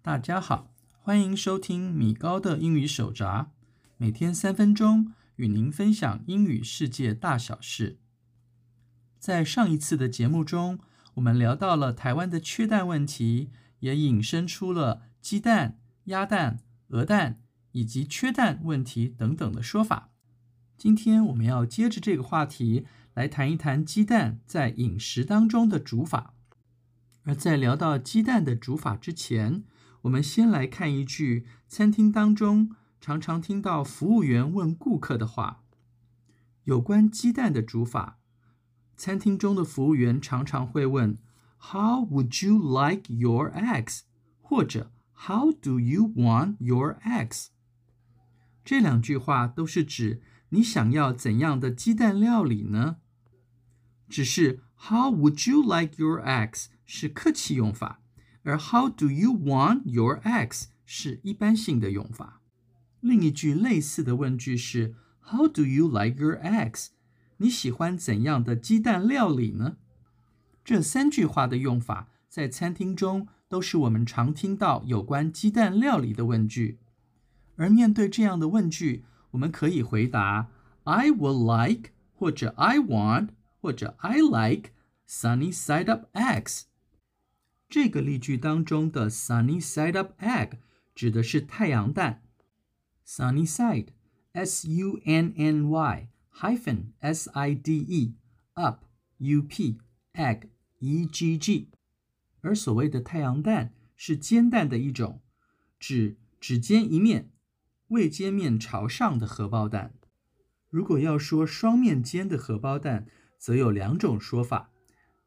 大家好，歡迎收聽米高的英語手札，每天三分鐘與您分享英語世界大小事。在上一次的節目中，我們聊到了台灣的缺蛋問題，也引申出了雞蛋、鴨蛋、鵝蛋以及缺蛋問題等等的說法。今天我們要接着這個話題來談一談雞蛋在飲食當中的煮法。而在聊到雞蛋的煮法之前，我們先來看一句餐廳當中常常聽到服務員問顧客的話。有關雞蛋的煮法，餐廳中的服務員常常會問 “How would you like your eggs？” 或者 “How do you want your eggs？” 這兩句話都是指你想要怎樣的雞蛋料理呢？只是 “How would you like your eggs？” 是客氣用法，而 How do you want your eggs 是一般性的用法。另一句類似的問句是 How do you like your eggs？你喜歡怎樣的雞蛋料理呢？這三句話的用法在餐廳中都是我們常聽到有關雞蛋料理的問句。而面對這樣的問句，我們可以回答 I will like，或者 I want，或者 I like sunny side up eggs。這個例句當中的 sunny side up egg 指的是太陽蛋，sunny side s u n n y hyphen s i d e up u p egg e g g，而所謂的太陽蛋是煎蛋的一種，指只煎一面，未煎面朝上的荷包蛋。如果要說雙面煎的荷包蛋，則有兩種說法。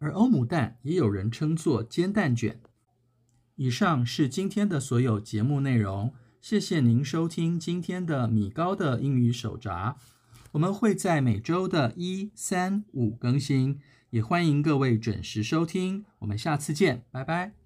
而歐姆蛋也有人稱作煎蛋捲。以上是今天的所有節目內容，謝謝您收聽今天的米高的英語手札。我們會在每周的一、三、五更新，也歡迎各位準時收聽。我們下次見，拜拜。